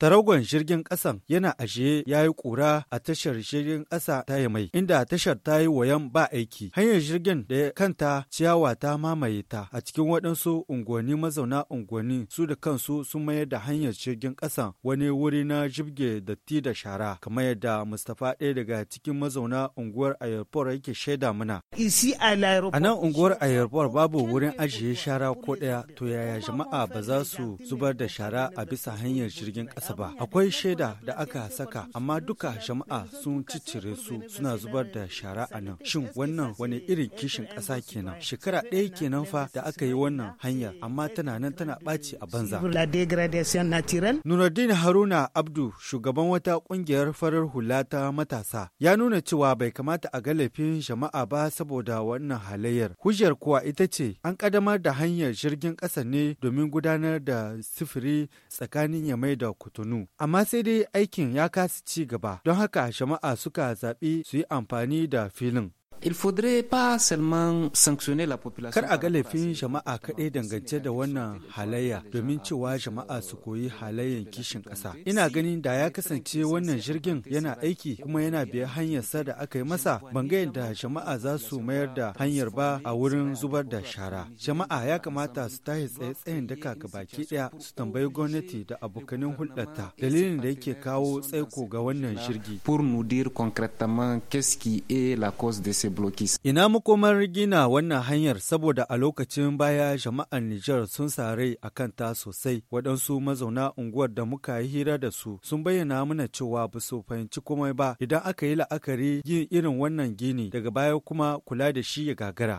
Taragon jirgin ƙasan yana ashe ya yi ƙura a tashar jirgin ƙasa ta yi mai inda tashar ta yi wayan ba aiki. Hanyar jirgin da kanta ciyawa ta mamaye ta a cikin waɗansu unguwanni mazauna unguwanni su da kansu sun mayar da hanyar jirgin ƙasan wani wuri na jibge datti da shara kamar yadda Mustapha ɗaya daga cikin mazauna unguwar Ayarpor yake shaida mana. A nan unguwar Ayarpor babu wurin ajiye shara ko ɗaya to yaya jama'a ba za su zubar da shara a bisa hanyar jirgin ƙasa kansa ba akwai shaida da aka saka amma duka jama'a sun ciccire su suna zubar da shara a nan shin wannan wani irin kishin ƙasa kenan shekara ɗaya kenan fa da aka yi wannan hanya amma tana nan tana ɓaci a banza Nuruddin Haruna Abdu shugaban wata ƙungiyar farar hula ta matasa ya nuna cewa bai kamata a ga jama'a ba saboda wannan halayyar hujjar kuwa ita ce an ƙaddamar da hanyar jirgin ƙasa ne domin gudanar da sifiri tsakanin Yamai da Kutu Kotonu. Amma sai dai aikin ya kasa ci gaba, don haka jama'a suka zaɓi su yi amfani da filin. il faudrait pas seulement sanctionner la population. Kar a ga laifin jama'a kaɗai dangance da wannan halayya domin cewa jama'a su koyi halayen kishin ƙasa. Ina ganin da ya kasance wannan jirgin yana aiki kuma yana biya hanyar sa da aka yi masa ban ga yadda jama'a za su mayar da hanyar ba a wurin zubar da shara. Jama'a ya kamata su tashi tsaye-tsayen daka ga baki ɗaya su tambayi gwamnati da abokanin hulɗarta dalilin da yake kawo tsaiko ga wannan jirgi. Pour nous dire concrètement qu'est-ce qui est la cause de ce blockies. Ina makomar gina wannan hanyar saboda a lokacin baya jama'an Nijar sun sare a kanta sosai waɗansu mazauna unguwar da muka yi hira da su sun bayyana mana cewa ba su fahimci komai ba idan aka yi la'akari yin irin wannan gini daga baya kuma kula da shi ya gagara.